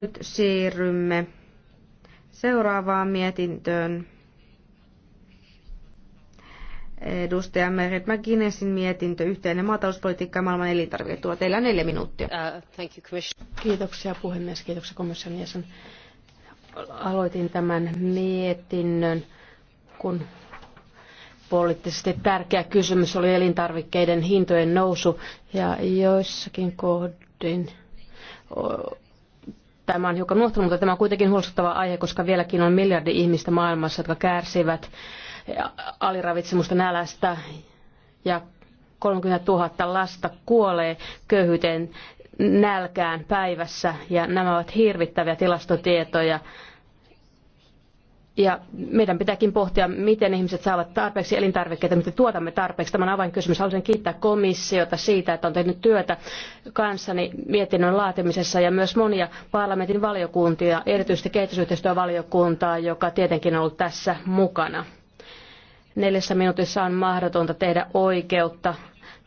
Nyt siirrymme seuraavaan mietintöön. Edustaja Merit McGuinnessin mietintö, yhteinen maatalouspolitiikka ja maailman elintarviketuo. Teillä neljä minuuttia. Uh, thank you, Kiitoksia puhemies, kiitoksia komission jäsen. Aloitin tämän mietinnön, kun poliittisesti tärkeä kysymys oli elintarvikkeiden hintojen nousu ja joissakin kohdin Tämä on hiukan unohtunut, mutta tämä on kuitenkin huolestuttava aihe, koska vieläkin on miljardi ihmistä maailmassa, jotka kärsivät aliravitsemusta nälästä ja 30 000 lasta kuolee köyhyyteen nälkään päivässä ja nämä ovat hirvittäviä tilastotietoja ja meidän pitääkin pohtia, miten ihmiset saavat tarpeeksi elintarvikkeita, miten tuotamme tarpeeksi. Tämä on avainkysymys. Haluaisin kiittää komissiota siitä, että on tehnyt työtä kanssani mietinnön laatimisessa ja myös monia parlamentin valiokuntia, erityisesti kehitysyhteistyövaliokuntaa, joka tietenkin on ollut tässä mukana. Neljässä minuutissa on mahdotonta tehdä oikeutta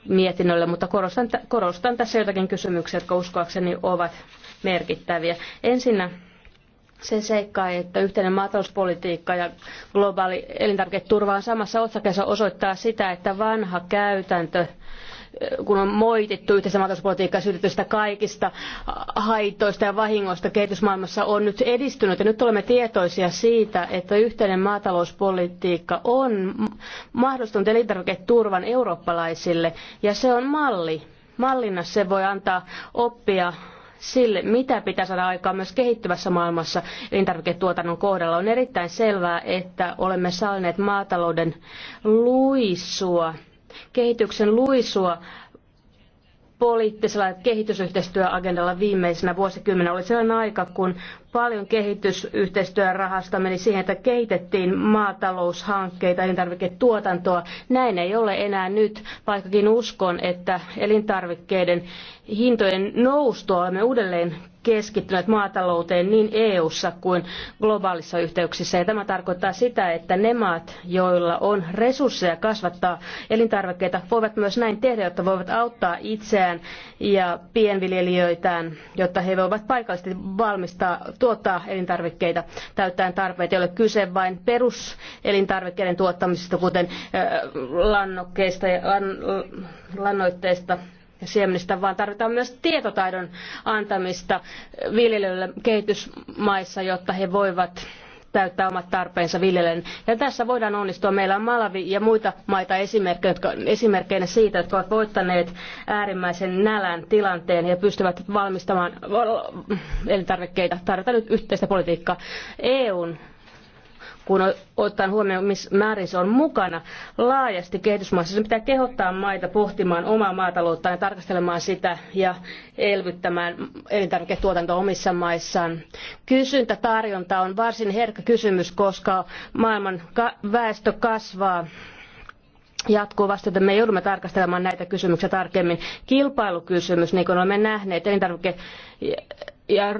mietinnölle, mutta korostan, korostan tässä jotakin kysymyksiä, jotka uskoakseni ovat merkittäviä. Ensinnä se seikka, että yhteinen maatalouspolitiikka ja globaali elintarviketurva on samassa otsakkeessa osoittaa sitä, että vanha käytäntö kun on moitittu yhteistä maatalouspolitiikkaa ja syytetty sitä kaikista haitoista ja vahingoista kehitysmaailmassa on nyt edistynyt. Ja nyt olemme tietoisia siitä, että yhteinen maatalouspolitiikka on mahdollistanut elintarviketurvan eurooppalaisille ja se on malli. Mallinna se voi antaa oppia sille, mitä pitää saada aikaan myös kehittyvässä maailmassa elintarviketuotannon kohdalla. On erittäin selvää, että olemme saaneet maatalouden luisua, kehityksen luisua poliittisella kehitysyhteistyöagendalla viimeisenä vuosikymmenellä oli sellainen aika, kun paljon kehitysyhteistyörahasta meni siihen, että kehitettiin maataloushankkeita, elintarviketuotantoa. Näin ei ole enää nyt, vaikkakin uskon, että elintarvikkeiden hintojen noustua olemme uudelleen keskittyneet maatalouteen niin EU:ssa kuin globaalissa yhteyksissä. Ja tämä tarkoittaa sitä, että ne maat, joilla on resursseja kasvattaa elintarvikkeita, voivat myös näin tehdä, jotta voivat auttaa itseään ja pienviljelijöitään, jotta he voivat paikallisesti valmistaa tuottaa elintarvikkeita täyttäen tarpeet. Ei ole kyse vain peruselintarvikkeiden tuottamisesta, kuten lannokkeista ja lannoitteista ja siemenistä, vaan tarvitaan myös tietotaidon antamista viljelijöille kehitysmaissa, jotta he voivat täyttää omat tarpeensa viljelijän. Ja tässä voidaan onnistua. Meillä on Malawi ja muita maita esimerkkeinä, esimerkkeinä siitä, jotka ovat voittaneet äärimmäisen nälän tilanteen ja pystyvät valmistamaan elintarvikkeita. Tarvitaan nyt yhteistä politiikkaa. EUn kun otetaan huomioon, missä määrin se on mukana laajasti kehitysmaissa. Se pitää kehottaa maita pohtimaan omaa maatalouttaan ja tarkastelemaan sitä ja elvyttämään elintarviketuotantoa omissa maissaan. Kysyntä tarjonta on varsin herkkä kysymys, koska maailman väestö kasvaa jatkuvasti, että me joudumme tarkastelemaan näitä kysymyksiä tarkemmin. Kilpailukysymys, niin kuin olemme nähneet, elintarvike ja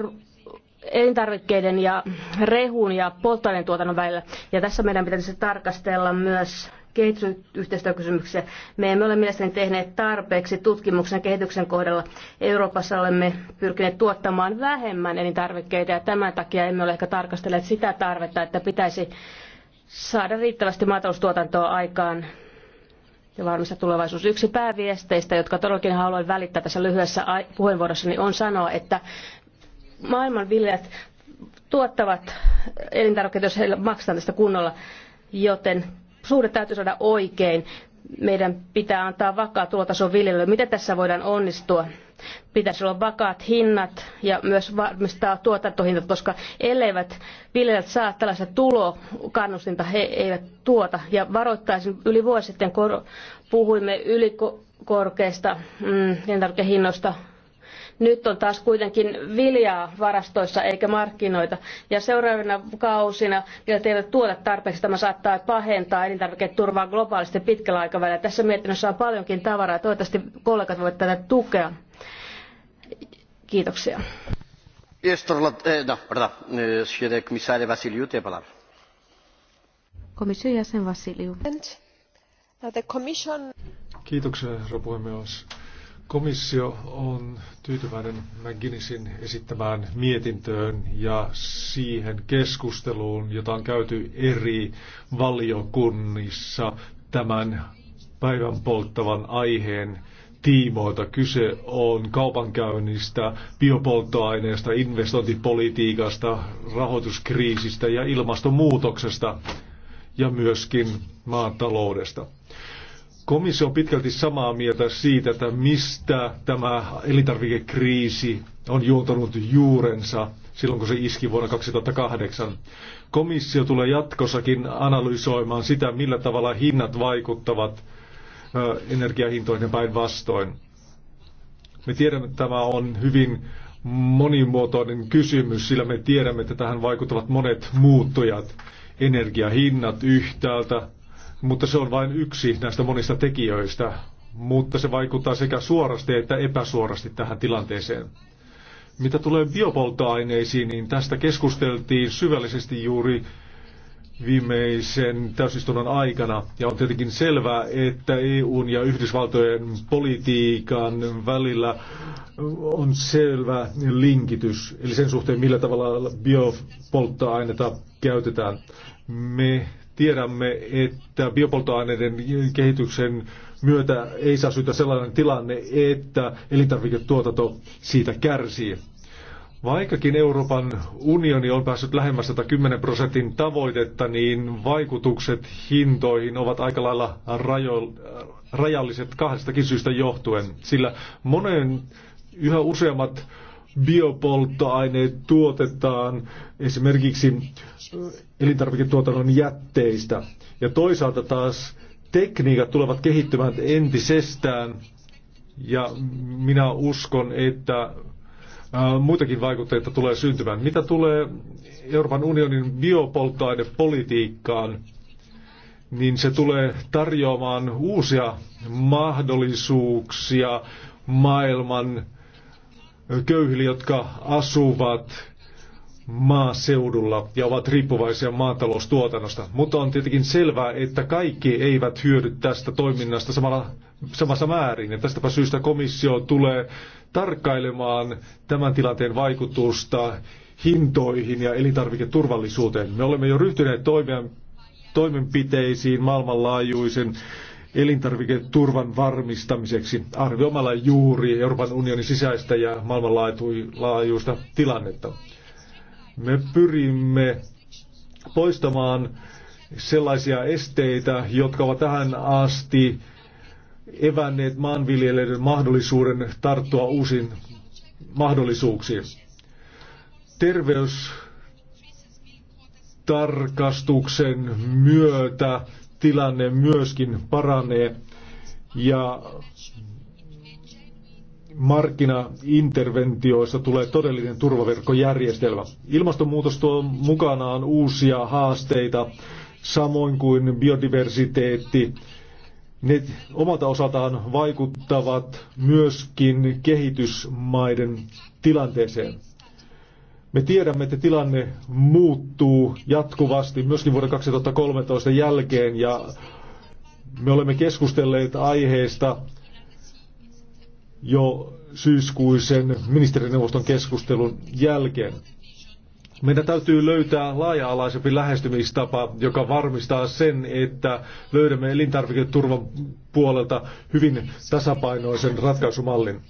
elintarvikkeiden ja rehun ja polttoaineen tuotannon välillä. Ja tässä meidän pitäisi tarkastella myös kehitysyhteistyökysymyksiä. Me emme ole mielestäni tehneet tarpeeksi tutkimuksen ja kehityksen kohdalla. Euroopassa olemme pyrkineet tuottamaan vähemmän elintarvikkeita ja tämän takia emme ole ehkä tarkastelleet sitä tarvetta, että pitäisi saada riittävästi maataloustuotantoa aikaan ja varmista tulevaisuus. Yksi pääviesteistä, jotka todellakin haluan välittää tässä lyhyessä puheenvuorossani, on sanoa, että maailman viljelijät tuottavat elintarvikkeita, jos heille maksetaan tästä kunnolla, joten suhde täytyy saada oikein. Meidän pitää antaa vakaa tulotaso viljelijöille. Miten tässä voidaan onnistua? Pitäisi olla vakaat hinnat ja myös varmistaa tuotantohintat, koska elleivät viljelijät saa tällaista tulokannustinta, he eivät tuota. Ja varoittaisin, yli vuosi sitten puhuimme ylikorkeista mm, elintarvikehinnoista nyt on taas kuitenkin viljaa varastoissa eikä markkinoita. Ja seuraavina kausina vielä teille tuoda tarpeeksi. Tämä saattaa pahentaa elintarviketurvaa globaalisti pitkällä aikavälillä. Tässä mietinnössä on paljonkin tavaraa. Toivottavasti kollegat voivat tätä tukea. Kiitoksia. Komission jäsen Vasiliu. Kiitoksia, herra puhemies. Komissio on tyytyväinen McGinnisin esittämään mietintöön ja siihen keskusteluun, jota on käyty eri valiokunnissa tämän päivän polttavan aiheen tiimoilta. Kyse on kaupankäynnistä, biopolttoaineesta, investointipolitiikasta, rahoituskriisistä ja ilmastonmuutoksesta ja myöskin maataloudesta. Komissio on pitkälti samaa mieltä siitä, että mistä tämä elintarvikekriisi on juontanut juurensa silloin, kun se iski vuonna 2008. Komissio tulee jatkossakin analysoimaan sitä, millä tavalla hinnat vaikuttavat energiahintoihin päinvastoin. Me tiedämme, että tämä on hyvin monimuotoinen kysymys, sillä me tiedämme, että tähän vaikuttavat monet muuttujat. Energiahinnat yhtäältä, mutta se on vain yksi näistä monista tekijöistä, mutta se vaikuttaa sekä suorasti että epäsuorasti tähän tilanteeseen. Mitä tulee biopolttoaineisiin, niin tästä keskusteltiin syvällisesti juuri viimeisen täysistunnon aikana. Ja on tietenkin selvää, että EUn ja Yhdysvaltojen politiikan välillä on selvä linkitys, eli sen suhteen millä tavalla biopolttoainetta käytetään. Me Tiedämme, että biopoltoaineiden kehityksen myötä ei saa syytä sellainen tilanne, että elintarviketuotanto siitä kärsii. Vaikkakin Euroopan unioni on päässyt lähemmäs 110 prosentin tavoitetta, niin vaikutukset hintoihin ovat aika lailla rajo, rajalliset kahdestakin syystä johtuen, sillä monen yhä useammat biopolttoaineet tuotetaan esimerkiksi äh, elintarviketuotannon jätteistä. Ja toisaalta taas tekniikat tulevat kehittymään entisestään ja minä uskon, että äh, muitakin vaikutteita tulee syntymään. Mitä tulee Euroopan unionin biopolttoainepolitiikkaan, niin se tulee tarjoamaan uusia mahdollisuuksia maailman köyhille, jotka asuvat maaseudulla ja ovat riippuvaisia maataloustuotannosta. Mutta on tietenkin selvää, että kaikki eivät hyödy tästä toiminnasta samalla, samassa määrin. Ja tästäpä syystä komissio tulee tarkkailemaan tämän tilanteen vaikutusta hintoihin ja elintarviketurvallisuuteen. Me olemme jo ryhtyneet toimeen, toimenpiteisiin maailmanlaajuisen elintarviketurvan varmistamiseksi arvioimalla juuri Euroopan unionin sisäistä ja maailmanlaajuista tilannetta. Me pyrimme poistamaan sellaisia esteitä, jotka ovat tähän asti evänneet maanviljelijöiden mahdollisuuden tarttua uusiin mahdollisuuksiin. Terveystarkastuksen myötä tilanne myöskin paranee ja markkinainterventioissa tulee todellinen turvaverkkojärjestelmä. Ilmastonmuutos tuo mukanaan uusia haasteita, samoin kuin biodiversiteetti. Ne omalta osaltaan vaikuttavat myöskin kehitysmaiden tilanteeseen. Me tiedämme, että tilanne muuttuu jatkuvasti myöskin vuoden 2013 jälkeen ja me olemme keskustelleet aiheesta jo syyskuisen ministerineuvoston keskustelun jälkeen. Meidän täytyy löytää laaja-alaisempi lähestymistapa, joka varmistaa sen, että löydämme elintarviketurvan puolelta hyvin tasapainoisen ratkaisumallin.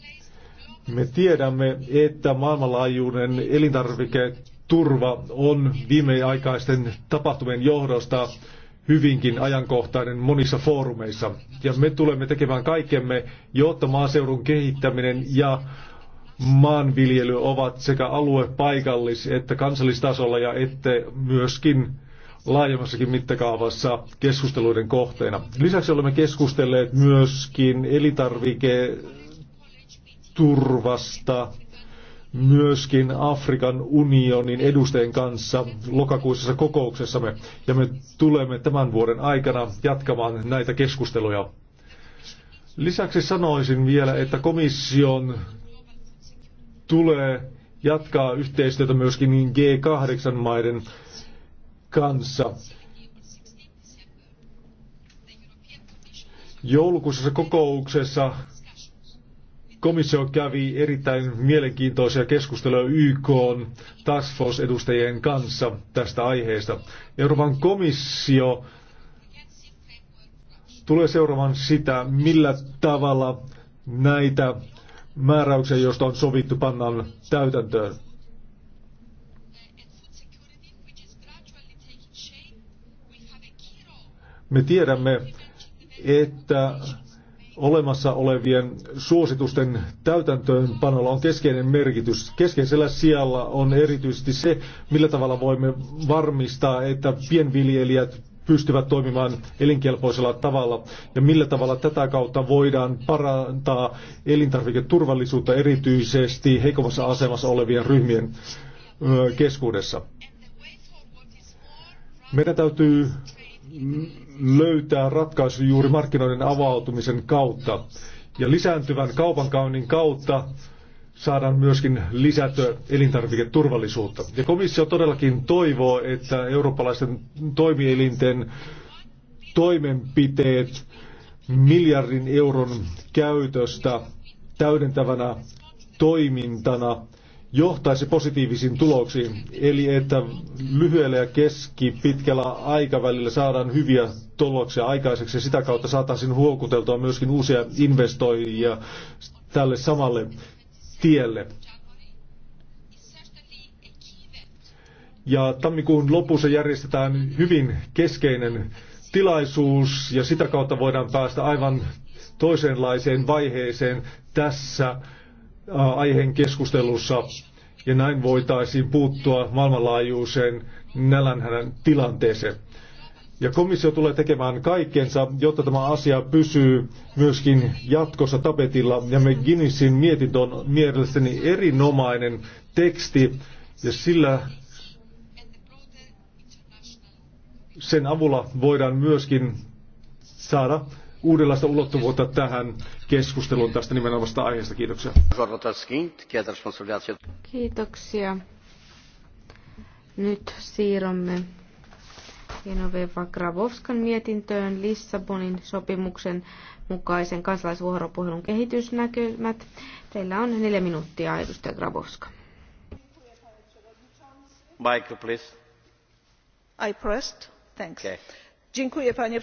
Me tiedämme, että maailmanlaajuinen elintarviketurva on viimeaikaisten tapahtumien johdosta hyvinkin ajankohtainen monissa foorumeissa. Ja me tulemme tekemään kaikkemme, jotta maaseudun kehittäminen ja maanviljely ovat sekä alue paikallis- että kansallistasolla ja että myöskin laajemmassakin mittakaavassa keskusteluiden kohteena. Lisäksi olemme keskustelleet myöskin elintarvike turvasta myöskin Afrikan unionin edustajien kanssa lokakuisessa kokouksessamme. Ja me tulemme tämän vuoden aikana jatkamaan näitä keskusteluja. Lisäksi sanoisin vielä, että komission tulee jatkaa yhteistyötä myöskin G8-maiden kanssa. Joulukuisessa kokouksessa Komissio kävi erittäin mielenkiintoisia keskusteluja YK Task Force-edustajien kanssa tästä aiheesta. Euroopan komissio tulee seuraamaan sitä, millä tavalla näitä määräyksiä, joista on sovittu, pannaan täytäntöön. Me tiedämme, että olemassa olevien suositusten täytäntöönpanolla on keskeinen merkitys. Keskeisellä sijalla on erityisesti se, millä tavalla voimme varmistaa, että pienviljelijät pystyvät toimimaan elinkelpoisella tavalla ja millä tavalla tätä kautta voidaan parantaa elintarviketurvallisuutta erityisesti heikommassa asemassa olevien ryhmien keskuudessa. Meidän täytyy löytää ratkaisu juuri markkinoiden avautumisen kautta. Ja lisääntyvän kaupankäynnin kautta saadaan myöskin lisätyä elintarviketurvallisuutta. Ja komissio todellakin toivoo, että eurooppalaisten toimielinten toimenpiteet miljardin euron käytöstä täydentävänä toimintana – johtaisi positiivisiin tuloksiin, eli että lyhyellä ja keskipitkällä aikavälillä saadaan hyviä tuloksia aikaiseksi ja sitä kautta saataisiin huokuteltua myöskin uusia investoijia tälle samalle tielle. Ja tammikuun lopussa järjestetään hyvin keskeinen tilaisuus ja sitä kautta voidaan päästä aivan toisenlaiseen vaiheeseen tässä Äh, aiheen keskustelussa ja näin voitaisiin puuttua maailmanlaajuiseen nälänhänän tilanteeseen. Ja komissio tulee tekemään kaikkensa, jotta tämä asia pysyy myöskin jatkossa tapetilla. Ja me Guinnessin mietintö on mielestäni erinomainen teksti, ja sillä sen avulla voidaan myöskin saada uudenlaista ulottuvuutta tähän keskusteluun tästä nimenomaista aiheesta. Kiitoksia. Kiitoksia. Nyt siirrymme Genoveva Grabowskan mietintöön Lissabonin sopimuksen mukaisen kansalaisvuoropuhelun kehitysnäkymät. Teillä on neljä minuuttia, edustaja Grabowska. Mike, please. I pressed. Thanks. Okay. Dziękuję, panie